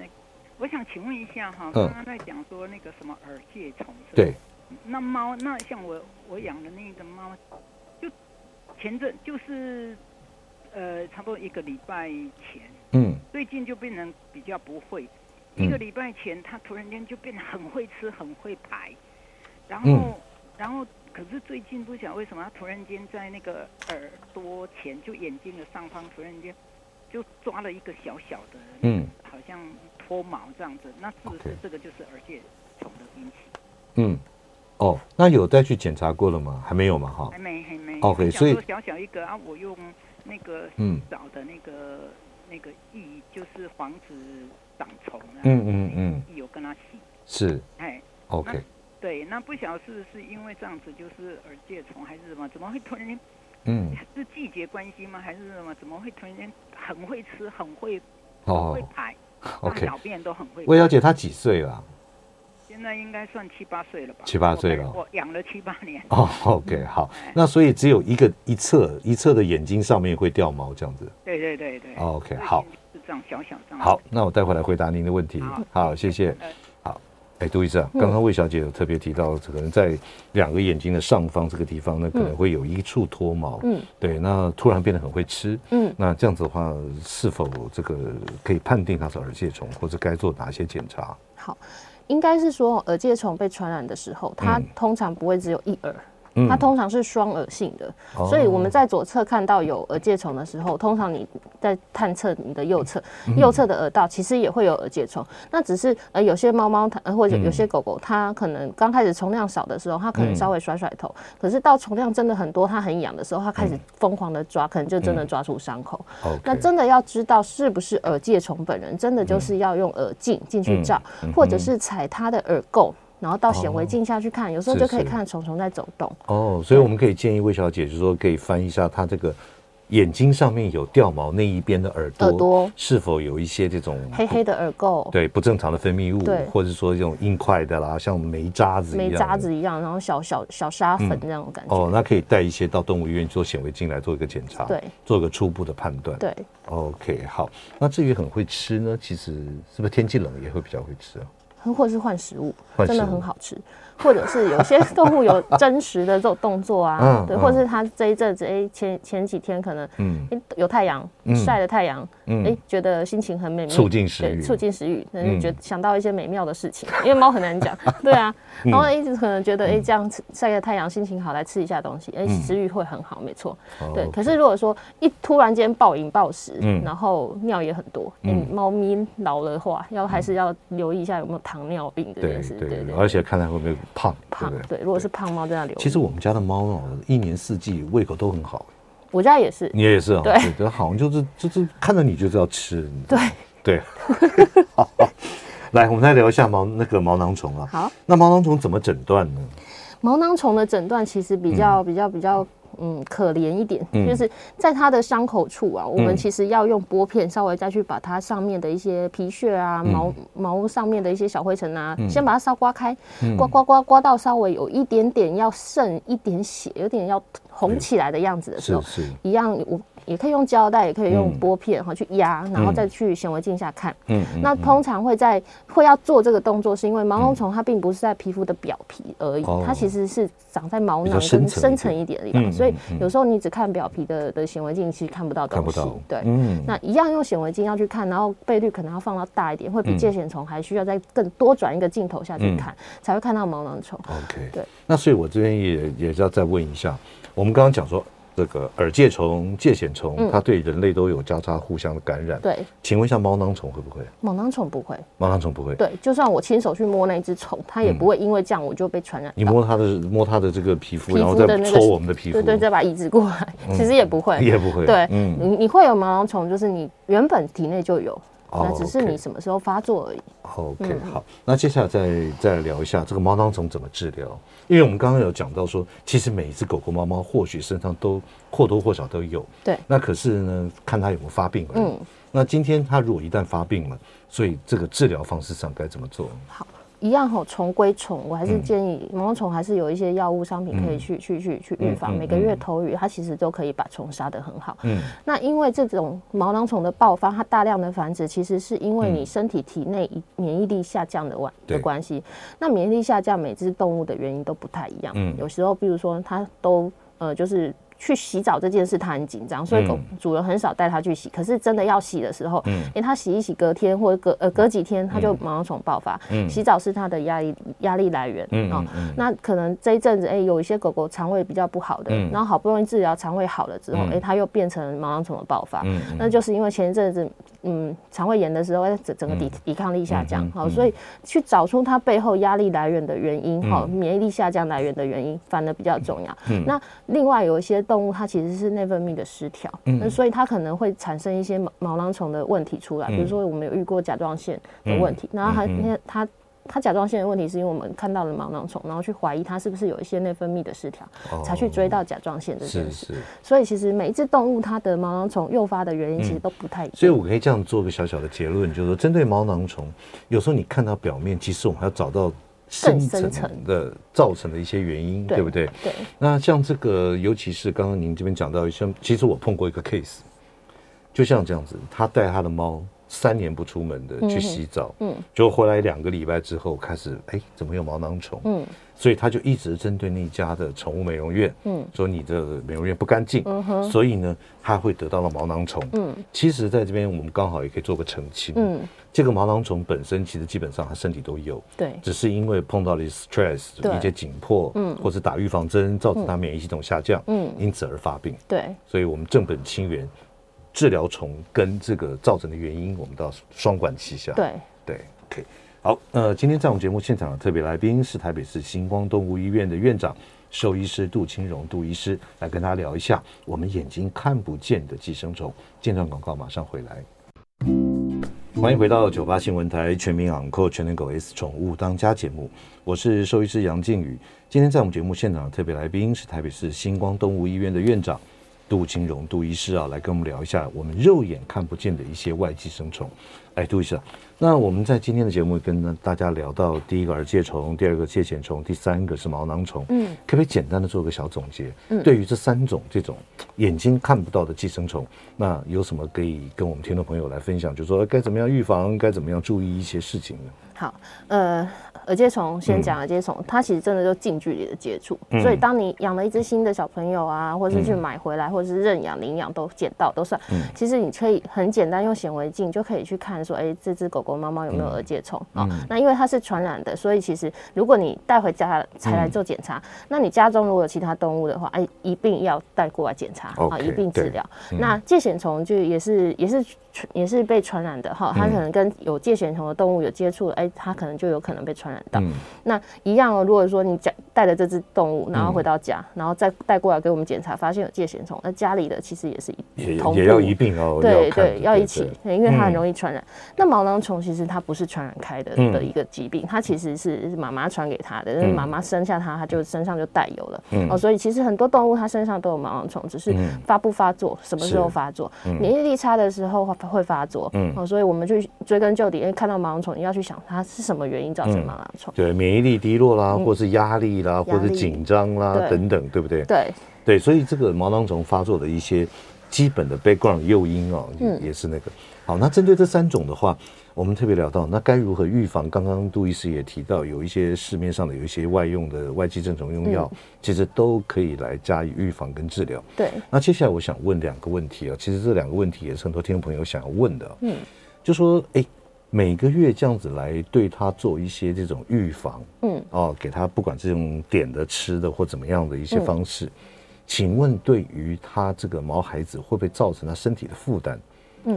我想請問一下哈、嗯，剛剛在講說那個什麼耳疥蟲是是、嗯。對。那貓，那像我我養的那個貓，就前陣就是，呃，差不多一個禮拜前，嗯，最近就變成比較不會。嗯、一個禮拜前，它突然間就變得很會吃，很會排。然後，嗯、然後，可是最近不曉得為什麼，它突然間在那個耳朵前，就眼睛的上方，突然間就抓了一個小小的人，嗯，好像脫毛這樣子。嗯、那是不是這個就是耳疥蟲的引起？嗯。哦，那有帶去檢查過了嗎？還沒有嗎？哈、哦，還沒，還沒。OK，所以小小一個、嗯、啊，我用那個嗯，洗澡的那個、嗯、那個劑，就是防止長蟲。嗯嗯嗯，有跟他洗。是。哎，OK。對，那不曉得是是因為這樣子，就是耳疥蟲還是什麼？怎麼會突然間？嗯。是季節關係嗎？還是什麼？怎麼會突然間很會吃、很會哦、會排、大、哦 okay 啊、小便都很會排？魏小姐她幾歲了、啊？現在應該算七八歲了吧？七八歲了，我養了七八年。哦、Oh, OK，好。 那所以只有一個一側、一側的眼睛上面會掉毛這樣子。對對對對。Oh, OK，好。是這樣，小小這樣。好，那我待會來回答您的問題。好，好嗯、謝謝。嗯、好，哎，杜醫生，剛剛魏小姐有特別提到，可能在兩個眼睛的上方這個地方，呢，可能會有一處脫毛。嗯，對。那突然變得很會吃。嗯。那這樣子的話，是否這個可以判定它是耳疥蟲，或者該做哪些檢查？好。應該是說耳疥蟲被傳染的時候，它通常不會只有一耳。嗯它通常是雙耳性的，哦，所以我們在左側看到有耳疥蟲的時候，通常你在探測你的右側，嗯，右側的耳道其實也會有耳疥蟲，嗯。那只是呃，有些貓貓它或者有些狗狗它可能剛開始蟲量少的時候，它可能稍微甩甩頭；嗯、可是到蟲量真的很多，它很癢的時候，它開始瘋狂的抓，可能就真的抓出傷口，嗯。那真的要知道是不是耳疥蟲本人，真的就是要用耳鏡進去照，嗯，或者是採它的耳垢。然後到顯微鏡下去看，哦、有時候就可以看蟲蟲在走動，是是哦，所以我們可以建議魏小姐，就是說可以翻一下它這個眼睛上面有掉毛那一邊的耳朵，耳朵是否有一些這種黑黑的耳垢？對，不正常的分泌物，或者說這種硬塊的啦，像煤渣子一樣，渣子一樣，然後小小小，小沙粉那、嗯、種感覺。哦，那可以帶一些到動物醫院做顯微鏡來做一個檢查，對，做一個初步的判斷。對，OK，好。那至於很會吃呢，其實是不是天氣冷也會比較會吃啊？或是換食，食物，真的很好吃。 或者是有些動物有真實的這種動作啊， 嗯嗯、對，或者是他這一陣子哎、欸，前前幾天可能嗯、欸，有太陽、嗯、曬了太陽。嗯，哎、欸，覺得心情很美妙，促進食欲，促進食欲，那覺得想到一些美妙的事情。嗯、因為貓很難講， 對啊，然後一直可能覺得，哎、嗯欸，這樣晒晒太陽，心情好，來吃一下東西，哎、嗯欸，食欲會很好，沒錯、嗯。對，okay, 可是如果說一突然間暴飲暴食、嗯，然後尿也很多，嗯，貓、欸、咪老了的話，要還是要留意一下有沒有糖尿病的事情，對對對,對，而且看來會不會胖胖對對。對，如果是胖貓在那流，其實我們家的貓呢，一年四季胃口都很好。.我家也是，你也，也是啊、哦，對，對，對，好像就是就是看着你就是要吃，對對，對 好，來我們再聊一下毛那個毛囊蟲啊，好，那毛囊蟲怎麼診斷呢？毛囊蟲的診斷其實比較、嗯、比較比較嗯可憐一點、嗯，就是在它的傷口處啊、嗯，我們其實要用玻片稍微再去把它上面的一些皮屑啊、嗯、毛毛上面的一些小灰塵啊、嗯，先把它稍微刮開，嗯、刮，刮刮刮刮到稍微有一點點要滲一點血，有點要。紅起來的樣子的時候，是、是一樣，我也可以用膠帶，也可以用玻片哈、嗯、去壓，然後再去顯微鏡下看。嗯，那通常會在、嗯、會要做這個動作，是因為毛囊蟲它並不是在皮膚的表皮而已，嗯、它其實是長在毛囊深層一點的地方，嗯、所以有時候你只看表皮的的顯微鏡其實看不到東西，看不到，對，嗯。那一樣用顯微鏡要去看，然後倍率可能要放到大一點，會比疥癬蟲還需要再更多轉一個鏡頭下去看，嗯、才會看到毛囊蟲、嗯。OK，對。那所以我這邊也也是要再問一下。我們剛剛講說，這個耳疥蟲、疥癬蟲，它對人類都有交叉互相的感染、嗯。對，請問一下，毛囊蟲會不會？毛囊蟲不會，毛囊蟲不會。對，就算我親手去摸那一隻蟲，它也不會因為這樣我就被傳染、嗯。你摸它的，摸它的這個皮膚，皮膚、那個，然後再抽我們的皮膚，對對，再把椅子過來，嗯、其實也不會，也不會。對，嗯、你你會有毛囊蟲，就是你原本體內就有。那、oh, okay. 只是你什麼時候發作而已。OK，、嗯、好，那接下來再再聊一下這個毛囊蟲怎麼治療，因為我們剛剛有講到說，其實每一只狗狗、貓貓或許身上都或多或少都有。對。那可是呢，看它有沒有發病了。嗯。那今天它如果一旦發病了，所以這個治療方式上該怎麼做？好。一樣吼蟲歸蟲，我還是建議、嗯、毛囊蟲還是有一些藥物商品可以去、嗯、去去去預防、嗯嗯。每個月投藥、嗯、它其實都可以把蟲殺得很好、嗯。那因為這種毛囊蟲的爆發，它大量的繁殖，其實是因為你身體體內免疫力下降的關的關係。那免疫力下降，每只動物的原因都不太一樣。嗯、有時候，比如說它都呃就是。去洗澡這件事，它很緊張，所以狗主人很少帶它去洗。可是真的要洗的時候，因為、欸、它洗一洗，隔天或者隔呃隔幾天，它就毛囊蟲爆發。洗澡是它的壓力壓力來源哦，那可能這一陣子，哎、欸，有一些狗狗腸胃比較不好的，然後好不容易治療腸胃好了之後，哎、欸，它又變成毛囊蟲的爆發。那就是因為前一陣子，嗯，腸胃炎的時候，整、欸、整個抵抵抗力下降，好、哦，所以去找出它背後壓力來源的原因，好、哦，免疫力下降來源的原因，反而比較重要。那另外有一些。動物它其實是內分泌的失調，那、嗯、所以它可能會產生一些毛毛囊蟲的問題出來、嗯。比如說我們有遇過甲狀腺的問題，嗯、然後它、嗯、它它，它甲狀腺的問題是因為我們看到了毛囊蟲，然後去懷疑它是不是有一些內分泌的失調，哦、才去追到甲狀腺這件事，是，所以其實每一隻動物它的毛囊蟲誘發的原因其實都不太一樣、嗯。所以我可以這樣做個小小的結論，就是說針對毛囊蟲，有時候你看到表面，其實我們還要找到。深層的造成的一些原因，對，對不對，對？對。那像這個，尤其是剛剛您這邊講到一些，其實我碰過一個 case，就像這樣子，他帶他的貓三年不出門的去洗澡，嗯，嗯，就回來兩個禮拜之後開始，哎、欸，怎麼有毛囊蟲？嗯，所以他就一直針對那家的寵物美容院，嗯，說你的美容院不乾淨、嗯，所以呢，他會得到了毛囊蟲。嗯，其實在這邊我們剛好也可以做個澄清，嗯，這個毛囊蟲本身其實基本上他身體都有，對、嗯，只是因為碰到了 stress 一些緊迫，嗯，或者打預防針，造成他免疫系統下降，嗯，因此而發病，對，所以我們正本清源。治療蟲跟這個造成的原因，我們都要雙管齊下。對對，OK。好，那今天在我們節目現場的特別來賓是台北市星光動物醫院的院長獸醫師杜青蓉，杜醫師來跟大家聊一下我們眼睛看不見的寄生蟲。健康廣告馬上回來。歡迎回到九八新聞台全民昂狗、全能狗 S 寵物當家節目，我是獸醫師楊靜宇。今天在我們節目現場的特別來賓是台北市星光動物醫院的院長。杜青蓉，杜醫師啊，來跟我們聊一下我們肉眼看不見的一些外寄生蟲。哎，杜醫師啊。那我們在今天的節目跟大家聊到第一個耳疥蟲，第二個疥蘚蟲第三個是毛囊蟲。嗯，可不可以簡單的做個小總結？嗯、對於這三種這種眼睛看不到的寄生蟲，那有什麼可以跟我們聽眾朋友來分享？就說該怎麼樣預防，該怎麼樣注意一些事情呢？好，呃，耳疥蟲先講耳疥蟲、嗯，它其實真的就近距離的接觸、嗯，所以當你養了一隻新的小朋友啊，或者是去買回來，嗯、或者是認養、領養、都撿到都算。嗯，其實你可以很簡單用顯微鏡就可以去看說，說哎，這隻狗。狗貓貓有沒有耳疥蟲啊、嗯？那因為它是傳染的，所以其實如果你帶回家才來做檢查、嗯，那你家中如果有其他動物的話，一、啊、並要帶過來檢查、嗯、啊，一、okay, 並治療。那疥癬蟲就也是、嗯、也是。也是被傳染的哈，它可能跟有疥癬蟲的動物有接觸，哎、嗯欸，它可能就有可能被傳染到、嗯。那一樣哦、喔，如果說你帶着這隻動物，然後回到家，嗯、然後再帶過來給我們檢查，發現有疥癬蟲，那家裡的其實也是一也同也要一併哦，對對，對對，要一起，因為它很容易傳染、嗯。那毛囊蟲其實它不是傳染開的、嗯、的一個疾病，它其實是媽媽傳給它的，就、嗯、是媽媽生下它，它就身上就帶有了、嗯、哦。所以其實很多動物它身上都有毛囊蟲，只是發不發作，嗯、什麼時候發作，免疫、嗯、力差的時候。會發作，嗯、哦，所以我們去追根究底，因為看到毛囊蟲，你要去想它是什麼原因造成毛囊蟲，對，免疫力低落啦，或是壓力啦，嗯、或者緊張啦等等，等等，對不對？對，對，所以這個毛囊蟲發作的一些。基本的 background 誘因啊、哦，也是那個、嗯、好。那針對這三種的話，我們特別聊到，那該如何預防？剛剛杜醫師也提到，有一些市面上的，有一些外用的外寄生蟲用藥、嗯，其實都可以來加以預防跟治療。對、嗯。那接下來我想問兩個問題啊、哦，其實這兩個問題也是很多聽眾朋友想要問的。嗯，就說，哎，每個月這樣子來對他做一些這種預防，嗯，哦，給他不管這種點的、吃的或怎麼樣的一些方式。嗯嗯請問，對於他這個毛孩子，會不會造成他身體的負擔，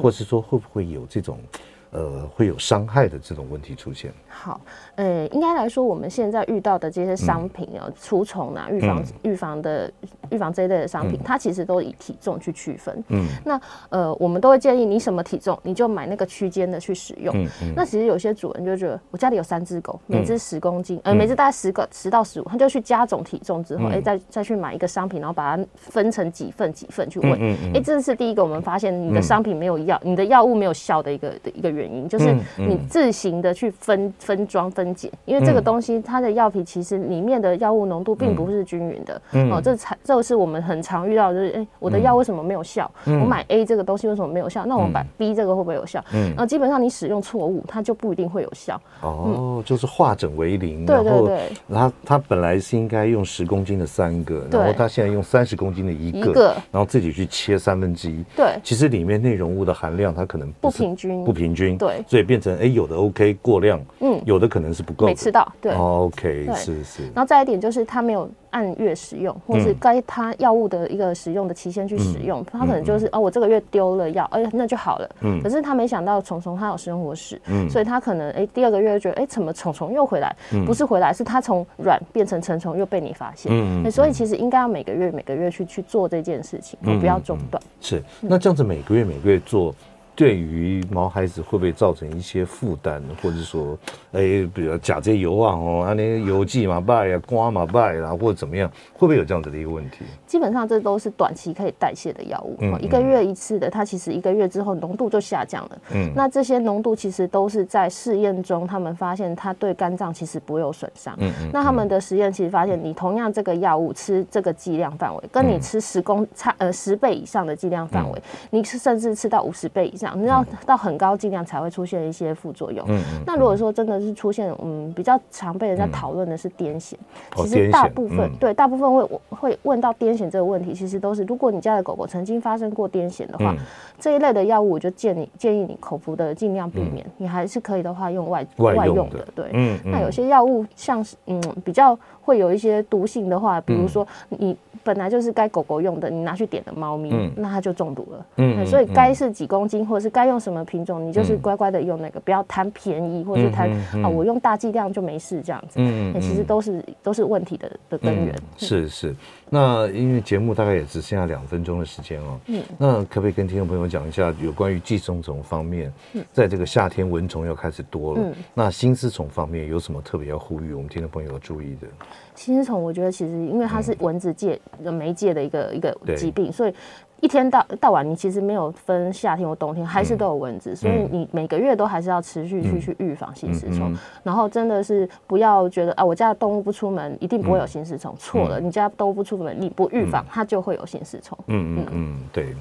或是說，會不會有這種？嗯呃，會有傷害的這種問題出現。好，呃，應該來說，我們現在遇到的這些商品哦，除、嗯啊、蟲啊、預防、嗯、預防的、預防這一類的商品、嗯，它其實都以體重去區分。嗯。那呃，我們都會建議你什麼體重，你就買那個區間的去使用。嗯,嗯那其實有些主人就覺得，我家裡有三只狗，每只十公斤、嗯，呃，每只大概十個十到十五，他就去加總體重之後，哎、嗯，再再去買一個商品，然後把它分成幾份幾份去問。嗯哎、嗯嗯，這是第一個，我們發現你的商品沒有藥，嗯、你的藥物沒有效的一個的一個原因。原因就是你自行的去分、嗯、分裝分解，因為這個東西它的藥品其實裡面的藥物濃度並不是均勻的。哦、嗯嗯喔，這才，這個是我們很常遇到，就是哎、嗯欸，我的藥為什麼沒有效、嗯？我買 A 這個東西為什麼沒有效、嗯？那我買 B 這個會不會有效？嗯，然後基本上你使用錯誤，它就不一定會有效。嗯嗯、哦，就是化整為零，對對對然後他他本來是應該用十公斤的三個，然後他現在用三十公斤的一個,個，然後自己去切三分之一。對，其實裡面內容物的含量它可能不,不平均，不平均。對，所以變成哎、欸，有的 OK 過量，嗯，有的可能是不夠，沒吃到，對，OK，對是是。然後再一點就是，他沒有按月使用，嗯、或是該他藥物的一個使用的期限去使用，嗯、他可能就是、嗯、哦，我這個月丟了藥，哎、欸，那就好了，嗯。可是他沒想到蟲蟲，他有生活史，嗯，所以他可能哎、欸，第二個月就覺得哎、欸，怎麼蟲蟲又回來、嗯？不是回來，是他從卵變成成蟲又被你發現，嗯、欸、所以其實應該要每個月每個月去去做這件事情，嗯、不要中斷、嗯。是、嗯，那這樣子每個月每個月做。對於毛孩子會不會造成一些負擔，或者說，哎，比如說甲基油啊，哦，啊，那個油劑嘛，敗啊，瓜嘛敗啊，或者怎麼樣，會不會有這樣子的一個問題？基本上這都是短期可以代謝的藥物、嗯嗯，一個月一次的，它其實一個月之後濃度就下降了。嗯，那這些濃度其實都是在試驗中，他們發現它對肝臟其實不會有損傷。嗯嗯、嗯，那他們的實驗其實發現，你同樣這個藥物吃這個劑量範圍，跟你吃十公差、嗯、呃十倍以上的劑量範圍，嗯嗯、你甚至吃到五十倍以上。要、嗯、到很高劑量才會出現一些副作用、嗯嗯。那如果說真的是出現，嗯，比較常被人家討論的是癲癇、哦。其實大部分、嗯、對大部分會會問到癲癇這個問題，其實都是如果你家的狗狗曾經發生過癲癇的話、嗯，這一類的藥物我就建議建議你口服的盡量避免、嗯。你還是可以的話用外外用，外用的，對。嗯嗯、那有些藥物像是嗯比較會有一些毒性的話，比如說你。嗯本來就是該狗狗用的，你拿去點的貓咪，嗯、那它就中毒了。嗯嗯。所以該是幾公斤，嗯，或者是該用什麼品種，你就是乖乖的用那個，不要貪便宜，或者是貪、嗯嗯、啊、嗯，我用大劑量就沒事這樣子。嗯嗯欸。其實都是都是問題的的根源。是、嗯、是。是那因為節目大概也只剩下兩分鐘的時間哦。嗯，那可不可以跟聽眾朋友講一下有關於寄生蟲方面，嗯，在這個夏天蚊蟲又開始多了，嗯，那心絲蟲方面有什麼特別要呼籲我們聽眾朋友要注意的？心絲蟲，我覺得其實因為它是蚊子界一個媒介的一個一個疾病，所以。一天到到晚，你其實沒有分夏天或冬天，還是都有蚊子、嗯，所以你每個月都還是要持續去、嗯、去預防心絲蟲、嗯嗯嗯。然後真的是不要覺得啊，我家的動物不出門，一定不會有心絲蟲，錯、嗯、了、嗯，你家都不出門，你不預防、嗯，它就會有心絲蟲。嗯嗯嗯,嗯，對。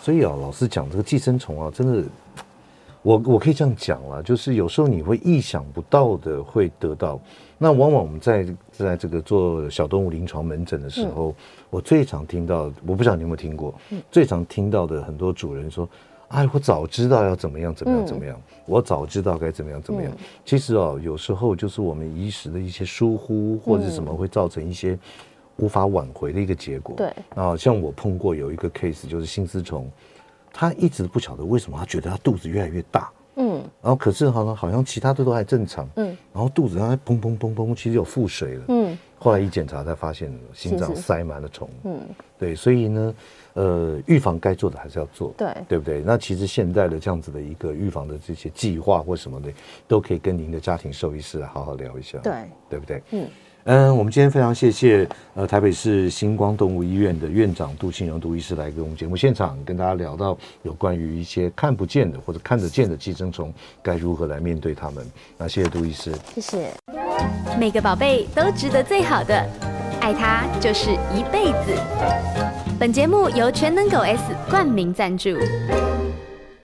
所以啊，老實講，這個寄生蟲啊，真的。我我可以這樣講啦，就是有時候你會意想不到的會得到。那往往我們在在這個做小動物臨床門診的時候，嗯、我最常聽到，我不知道你有沒有聽過、嗯，最常聽到的很多主人說：“哎，我早知道要怎麼樣，怎麼樣，怎麼樣，我早知道該怎麼樣，怎麼樣。嗯”其實哦，有時候就是我們一時的一些疏忽或者什麼，會造成一些無法挽回的一個結果。對、嗯、啊，像我碰過有一個 case，就是心絲蟲。他一直不曉得為什麼，他覺得他肚子越來越大，嗯，然後可是好像好像其他的都還正常，嗯，然後肚子上還砰砰砰砰砰，其實有腹水了，嗯，後來一檢查才發現心臟塞滿了蟲，嗯，對，所以呢，呃，預防該做的還是要做，對、嗯，對不對？那其實現在的這樣子的一個預防的這些計劃或什麼的，都可以跟您的家庭獸醫師好好聊一下，對、嗯，對不對？嗯。嗯，我們今天非常謝謝，呃，台北市星光動物醫院的院長杜青蓉杜醫師來跟我們節目現場跟大家聊到有關於一些看不見的或者看得見的寄生蟲該如何來面對他們。那、啊、謝謝杜醫師，謝謝。每個寶貝都值得最好的，愛他就是一輩子。本節目由全能狗 S 冠名贊助。